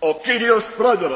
O Kyrios Pragyaras!